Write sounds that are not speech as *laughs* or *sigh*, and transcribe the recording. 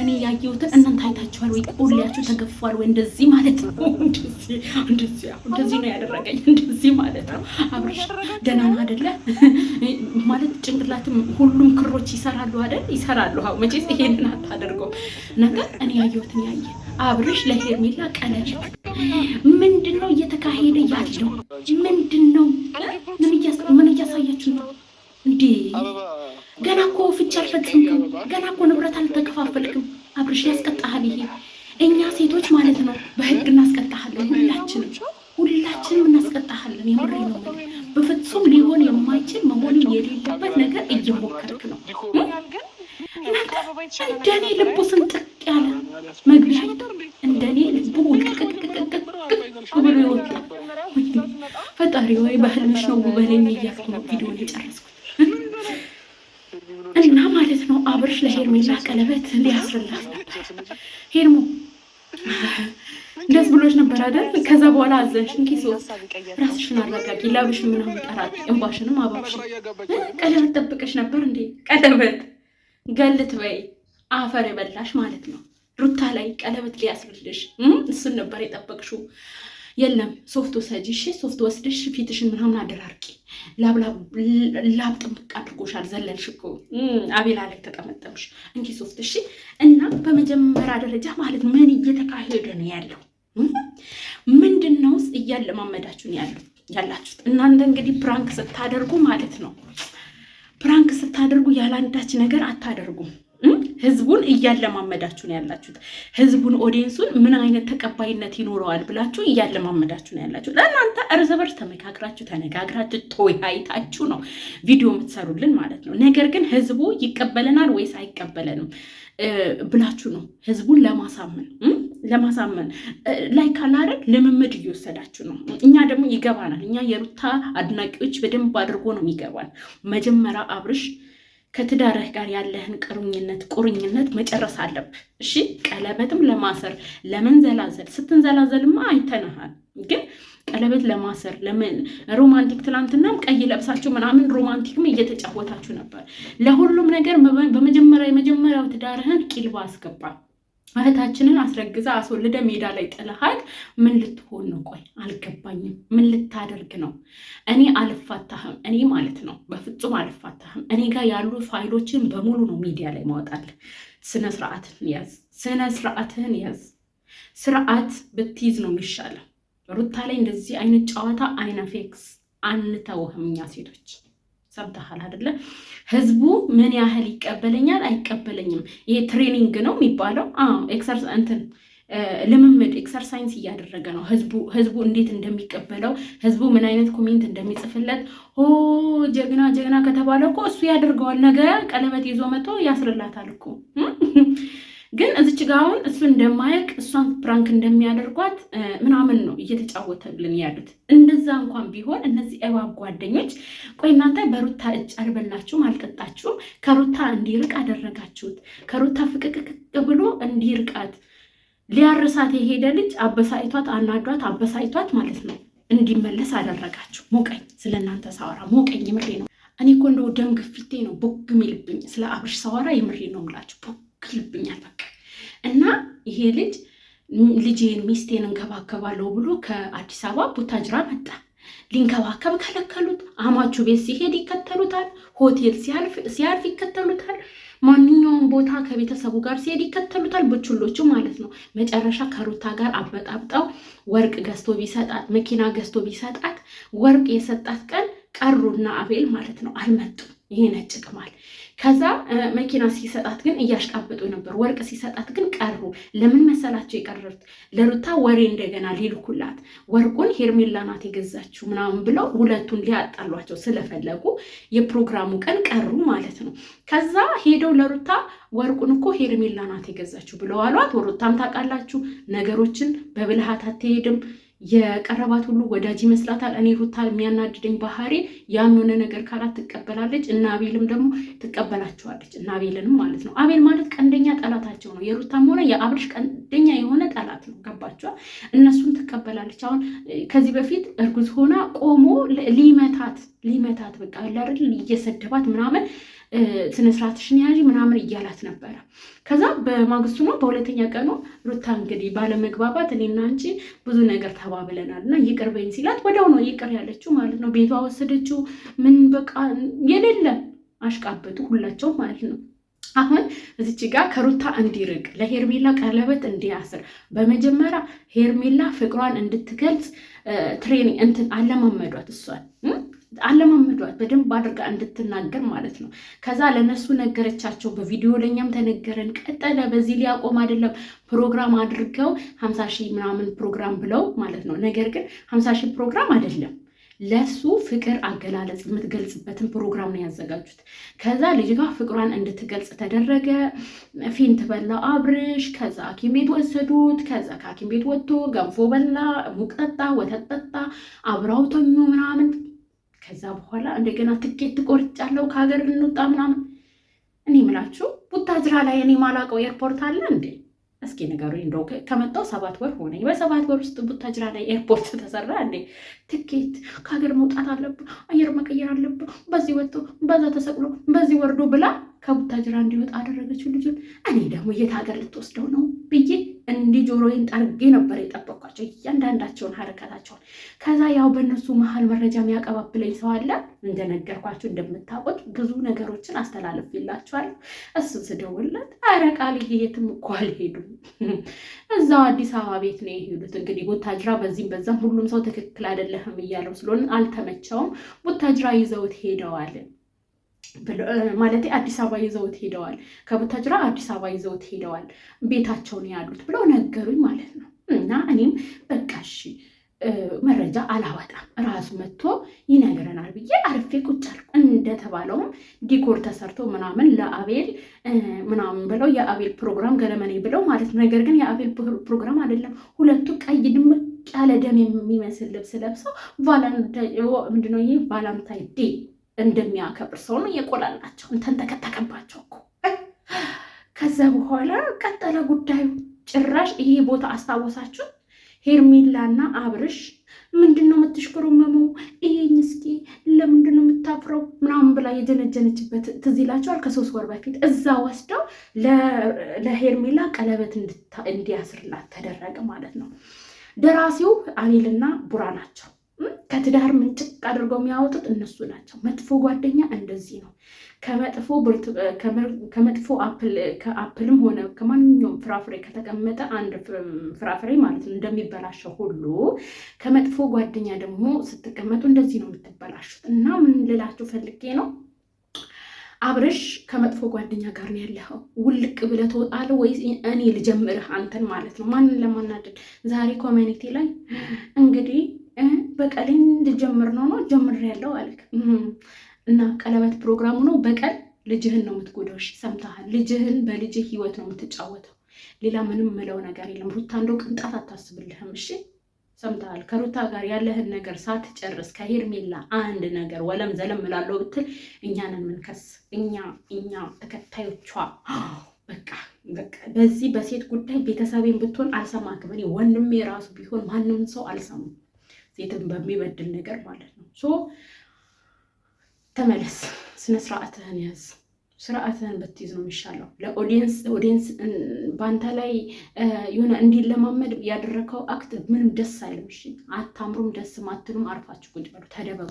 እኔ ያየሁትን እናንተ አይታችኋል ወይ? ቆሌያችሁ ተገፏል ወይ? እንደዚህ ማለት ነው። እንደዚህ እንደዚህ እንደዚህ ነው ያደረገኝ። እንደዚህ ማለት ነው። አብርሽ ደህና ነው አይደለ? ማለት ጭንቅላትም ሁሉም ክሮች ይሰራሉ አይደል? ይሰራሉ። አዎ መቼስ ይሄንን አታደርገውም። እናንተ እኔ ያየሁትን ያየ አብርሽ ለሄርሜላ ቀለበት ምንድን ነው እየተካሄደ ያለው? ምን የምሬ ነው። በፍጹም ሊሆን የማይችል መሆንም የሌለበት ነገር እየሞከርክ ነው። እንደኔ ልቡ ስንጥቅ ያለ መግቢያ እንደኔ ልቡ ውልቅቅቅቅቅቅ ብሎ ይወጣ። ፈጣሪ ወይ በህልምሽ ነው ውበለኝ እያልኩ ነው ቪዲዮ የጨረስኩት። እና ማለት ነው አብርሽ ለሄርሜላ ቀለበት ሊያስርላት ነበር ሄርሞ እንደዚህ ብሎች ነበር አይደል? ከዛ በኋላ እንኪ ኪሶ ራስሽን አረጋጊ፣ ላብሽን ምናምን ጠራት፣ እንባሽንም አባብሽ። ቀለበት ጠብቀሽ ነበር እንዴ? ቀለበት ገልት በይ አፈር የበላሽ ማለት ነው። ሩታ ላይ ቀለበት ሊያስብልሽ እሱን ነበር የጠበቅሽው። የለም ሶፍት ወሰጂ፣ እሺ ሶፍት ወስድሽ ፊትሽን ምናምን አደራርቂ። ላብ ጥምቅ አድርጎሻል። ዘለልሽ እኮ አቤላ ላይ ተጠመጠምሽ እንኪ ሶፍት እሺ በመጀመሪያ ደረጃ ማለት ምን እየተካሄደ ነው ያለው? ምንድን ነውስ እያለማመዳችሁን ያሉ ያላችሁት እናንተ እንግዲህ ፕራንክ ስታደርጉ ማለት ነው ፕራንክ ስታደርጉ ያላንዳች ነገር አታደርጉም። ህዝቡን እያለማመዳችሁ ነው ያላችሁት። ህዝቡን ኦዲየንሱን ምን አይነት ተቀባይነት ይኖረዋል ብላችሁ እያለማመዳችሁ ነው ያላችሁት። ለእናንተ እርስ በርስ ተመካክራችሁ ተነጋግራችሁ ተወያይታችሁ ነው ቪዲዮ የምትሰሩልን ማለት ነው። ነገር ግን ህዝቡ ይቀበለናል ወይስ አይቀበለንም ብላችሁ ነው ህዝቡን ለማሳመን ለማሳመን ላይ ካላረግ ልምምድ እየወሰዳችሁ ነው። እኛ ደግሞ ይገባናል። እኛ የሩታ አድናቂዎች በደንብ አድርጎ ነው ይገባል። መጀመሪያ አብርሽ ከትዳርህ ጋር ያለህን ቅሩኝነት ቁርኝነት መጨረስ አለብህ። እሺ ቀለበትም ለማሰር ለመንዘላዘል ስትንዘላዘልማ አይተንሃል። ግን ቀለበት ለማሰር ለምን ሮማንቲክ ትናንትናም ቀይ ለብሳችሁ ምናምን ሮማንቲክም እየተጫወታችሁ ነበር። ለሁሉም ነገር በመጀመሪያ የመጀመሪያው ትዳርህን ቂልባ አስገባ። እህታችንን አስረግዛ አስወልደ ሜዳ ላይ ጥለሃት ምን ልትሆን ነው? ቆይ አልገባኝም። ምን ልታደርግ ነው? እኔ አልፋታህም። እኔ ማለት ነው በፍጹም አልፋታህም። እኔ ጋር ያሉ ፋይሎችን በሙሉ ነው ሚዲያ ላይ ማወጣል። ስነ ስርዓትን ያዝ፣ ስነ ስርዓትህን ያዝ። ስርዓት ብትይዝ ነው የሚሻለው። ሩታ ላይ እንደዚህ አይነት ጨዋታ አይነፌክስ አንተውህም። እኛ ሴቶች ሰምተሃል አይደለ? ህዝቡ ምን ያህል ይቀበለኛል አይቀበለኝም። ይሄ ትሬኒንግ ነው የሚባለው። እንትን ልምምድ ኤክሰርሳይንስ እያደረገ ነው ህዝቡ ህዝቡ እንዴት እንደሚቀበለው ህዝቡ ምን አይነት ኮሜንት እንደሚጽፍለት። ኦ ጀግና ጀግና ከተባለ እኮ እሱ ያደርገዋል። ነገ ቀለበት ይዞ መጥቶ ያስርላታል እኮ ግን እዚች ጋ አሁን እሱ እንደማያውቅ እሷን ፕራንክ እንደሚያደርጓት ምናምን ነው እየተጫወተልን ያሉት። እንደዛ እንኳን ቢሆን እነዚህ እባብ ጓደኞች፣ ቆይ እናንተ በሩታ እጅ አልበላችሁም፣ አልጠጣችሁም፣ ከሩታ እንዲርቅ አደረጋችሁት። ከሩታ ፍቅቅቅ ብሎ እንዲርቃት ሊያርሳት የሄደ ልጅ አበሳይቷት፣ አናዷት፣ አበሳይቷት ማለት ነው እንዲመለስ አደረጋችሁ። ሞቀኝ፣ ስለ እናንተ ሳወራ ሞቀኝ። የምሬ ነው። እኔ እኮ እንደው ደም ግፊቴ ነው ቦግ የሚልብኝ ስለ አብርሽ ሳወራ። የምሬ ነው ምላችሁ ክልብኛል በቃ እና ይሄ ልጅ ልጄን ሚስቴን እንከባከባለሁ ብሎ ከአዲስ አበባ ቡታጅራ መጣ። ሊንከባከብ ከለከሉት። አማቹ ቤት ሲሄድ ይከተሉታል። ሆቴል ሲያርፍ ይከተሉታል። ማንኛውም ቦታ ከቤተሰቡ ጋር ሲሄድ ይከተሉታል። በችሎቹ ማለት ነው። መጨረሻ ከሩታ ጋር አበጣብጠው ወርቅ ገዝቶ ቢሰጣት መኪና ገዝቶ ቢሰጣት ወርቅ የሰጣት ቀን ቀሩና አቤል ማለት ነው አልመጡም። ይሄን ያጭቅማል። ከዛ መኪና ሲሰጣት ግን እያሽቃበጡ ነበር። ወርቅ ሲሰጣት ግን ቀሩ። ለምን መሰላቸው የቀረሩት? ለሩታ ወሬ እንደገና ሊልኩላት ወርቁን ሄርሜላ ናት የገዛችው ምናምን ብለው ሁለቱን ሊያጣሏቸው ስለፈለጉ የፕሮግራሙ ቀን ቀሩ ማለት ነው። ከዛ ሄደው ለሩታ ወርቁን እኮ ሄርሜላ ናት የገዛችው ብለው አሏት። ታውቃላችሁ ነገሮችን በብልሃት አትሄድም የቀረባት ሁሉ ወዳጅ ይመስላታል። እኔ ሩታ የሚያናድደኝ ባህሪ ያን ሆነ ነገር ካላት ትቀበላለች እና አቤልም ደግሞ ትቀበላቸዋለች እና አቤልንም ማለት ነው። አቤል ማለት ቀንደኛ ጠላታቸው ነው። የሩታም ሆነ የአብርሽ ቀንደኛ የሆነ ጠላት ነው። ገባቸዋል። እነሱን ትቀበላለች። አሁን ከዚህ በፊት እርጉዝ ሆና ቆሞ ሊመታት ሊመታት በቃ እየሰደባት ምናምን ስነስርዓትሽን ያዥ ምናምን እያላት ነበረ። ከዛ በማግስቱ ነው በሁለተኛ ቀኑ ሩታ እንግዲህ ባለመግባባት እኔና አንቺ ብዙ ነገር ተባብለናል እና ይቅር በይኝ ሲላት ወዲያው ነው ይቅር ያለችው ማለት ነው። ቤቷ ወሰደችው። ምን በቃ የሌለ አሽቃበጡ ሁላቸው ማለት ነው። አሁን እዚች ጋር ከሩታ እንዲርቅ ለሄርሜላ ቀለበት እንዲያስር በመጀመሪያ ሄርሜላ ፍቅሯን እንድትገልጽ ትሬኒ እንትን አለማመዷት እሷን አለማመዷት በደንብ አድርጋ እንድትናገር ማለት ነው። ከዛ ለነሱ ነገረቻቸው። በቪዲዮ ለእኛም ተነገረን። ቀጠለ። በዚህ ሊያቆም አይደለም ፕሮግራም አድርገው ሀምሳ ሺህ ምናምን ፕሮግራም ብለው ማለት ነው። ነገር ግን ሀምሳ ሺህ ፕሮግራም አይደለም ለሱ ፍቅር አገላለጽ የምትገልጽበትን ፕሮግራም ነው ያዘጋጁት። ከዛ ልጅቷ ፍቅሯን እንድትገልጽ ተደረገ። ፊንት በላ አብርሽ። ከዛ ሐኪም ቤት ወሰዱት። ከዛ ከሐኪም ቤት ወጥቶ ገንፎ በላ፣ ሙቅ ጠጣ፣ ወተት ጠጣ፣ አብረው ተኙ ምናምን ከዛ በኋላ እንደገና ትኬት ትቆርጫለው ከሀገር እንውጣ ምናምን። እኔ ምላችሁ ቡታጅራ ላይ እኔ ማላውቀው ኤርፖርት አለ እንዴ? እስኪ ነገሩ እንደው ከመጣው ሰባት ወር ሆነኝ። በሰባት ወር ውስጥ ቡታጅራ ላይ ኤርፖርት *laughs* ተሰራ እንዴ? ትኬት ከሀገር መውጣት አለብ፣ አየር መቀየር አለብ፣ በዚህ ወጥቶ በዛ ተሰቅሎ በዚህ ወርዶ ብላ ከቡታጅራ እንዲወጣ አደረገችው ልጁን። እኔ ደግሞ የት ሀገር ልትወስደው ነው እንዲህ ጆሮዬን ጠርጌ ነበር የጠበኳቸው እያንዳንዳቸውን ሀረከታቸውን ከዛ ያው በእነሱ መሀል መረጃ የሚያቀባብለኝ ሰው አለ። እንደነገርኳቸው እንደምታውቁት ብዙ ነገሮችን አስተላልፍላችኋለሁ። እሱ ስደውለት ኧረ ቃልዬ የትም እኮ አልሄዱም እዛው አዲስ አበባ ቤት ነው የሄዱት። እንግዲህ ቡታጅራ በዚህም በዛም ሁሉም ሰው ትክክል አይደለህም እያለው ስለሆነ አልተመቸውም። ቡታጅራ ይዘውት ሄደዋል። ማለት አዲስ አበባ ይዘውት ሄደዋል፣ ከቡታጅራ አዲስ አበባ ይዘውት ሄደዋል፣ ቤታቸውን ያሉት ብለው ነገሩኝ ማለት ነው። እና እኔም በቃ እሺ መረጃ አላወጣም ራሱ መጥቶ ይነግረናል ብዬ አርፌ ቁጭ አልኩ። እንደተባለውም ዲኮር ተሰርቶ ምናምን ለአቤል ምናምን ብለው የአቤል ፕሮግራም ገለመኔ ብለው ማለት ነው። ነገር ግን የአቤል ፕሮግራም አይደለም። ሁለቱ ቀይ ድምቅ ያለ ደም የሚመስል ልብስ ለብሰው ምንድነው ይህ ቫላንታይ ዴይ እንደሚያከብር ሰው ነው የቆላላቸው። ተከተከባቸው እኮ ከዛ በኋላ ቀጠለ ጉዳዩ። ጭራሽ ይሄ ቦታ አስታወሳችሁ? ሄርሜላና አብርሽ ምንድን ነው የምትሽኮረመመው? ይሄኝ እስኪ ለምንድን ነው የምታፍረው? ምናምን ብላ የጀነጀነችበት ትዝ ይላቸዋል። ከሶስት ወር በፊት እዛ ወስደው ለሄርሜላ ቀለበት እንዲያስርላት ተደረገ ማለት ነው። ደራሲው አቤልና ቡራ ናቸው። ከትዳር ምንጭቅ አድርገው የሚያወጡት እነሱ ናቸው። መጥፎ ጓደኛ እንደዚህ ነው። ከመጥፎ ከአፕልም ሆነ ከማንኛውም ፍራፍሬ ከተቀመጠ አንድ ፍራፍሬ ማለት ነው እንደሚበላሸው ሁሉ ከመጥፎ ጓደኛ ደግሞ ስትቀመጡ እንደዚህ ነው የምትበላሹት። እና ምን ልላችሁ ፈልጌ ነው አብረሽ ከመጥፎ ጓደኛ ጋር ነው ያለኸው። ውልቅ ብለህ ትወጣለህ ወይ? እኔ ልጀምርህ አንተን ማለት ነው። ማንን ለማናደድ ዛሬ ኮሚኒቲ ላይ እንግዲህ በቀሌን ልጀምር ነው ነው ጀምር ያለው አልክ እና ቀለበት ፕሮግራሙ ነው። በቀል ልጅህን ነው የምትጎዳው። ሰምተሃል? ልጅህን በልጅህ ህይወት ነው የምትጫወተው። ሌላ ምንም ምለው ነገር የለም። ሩታ እንደው ቅንጣት አታስብልህም። እሺ ሰምተሃል? ከሩታ ጋር ያለህን ነገር ሳትጨርስ ከሄርሜላ አንድ ነገር ወለም ዘለም እላለሁ ብትል እኛን ምንከስ እኛ እኛ ተከታዮቿ በቃ በዚህ በሴት ጉዳይ ቤተሰቤን ብትሆን አልሰማክም። እኔ ወንድሜ የራሱ ቢሆን ማንም ሰው አልሰማም። ሴትን በሚበድል ነገር ማለት ነው። ሶ ተመለስ፣ ስነ ስርዓትህን ያዝ። ስርዓትህን ብትይዝ ነው የሚሻለው። ለኦዲየንስ ኦዲየንስ በአንተ ላይ የሆነ እንዲለማመድ ያደረከው አክት ምንም ደስ አይልም። እሺ፣ አታምሩም፣ ደስም አትሉም። አርፋችሁ ቁጭ በሉ፣ ተደበቁ።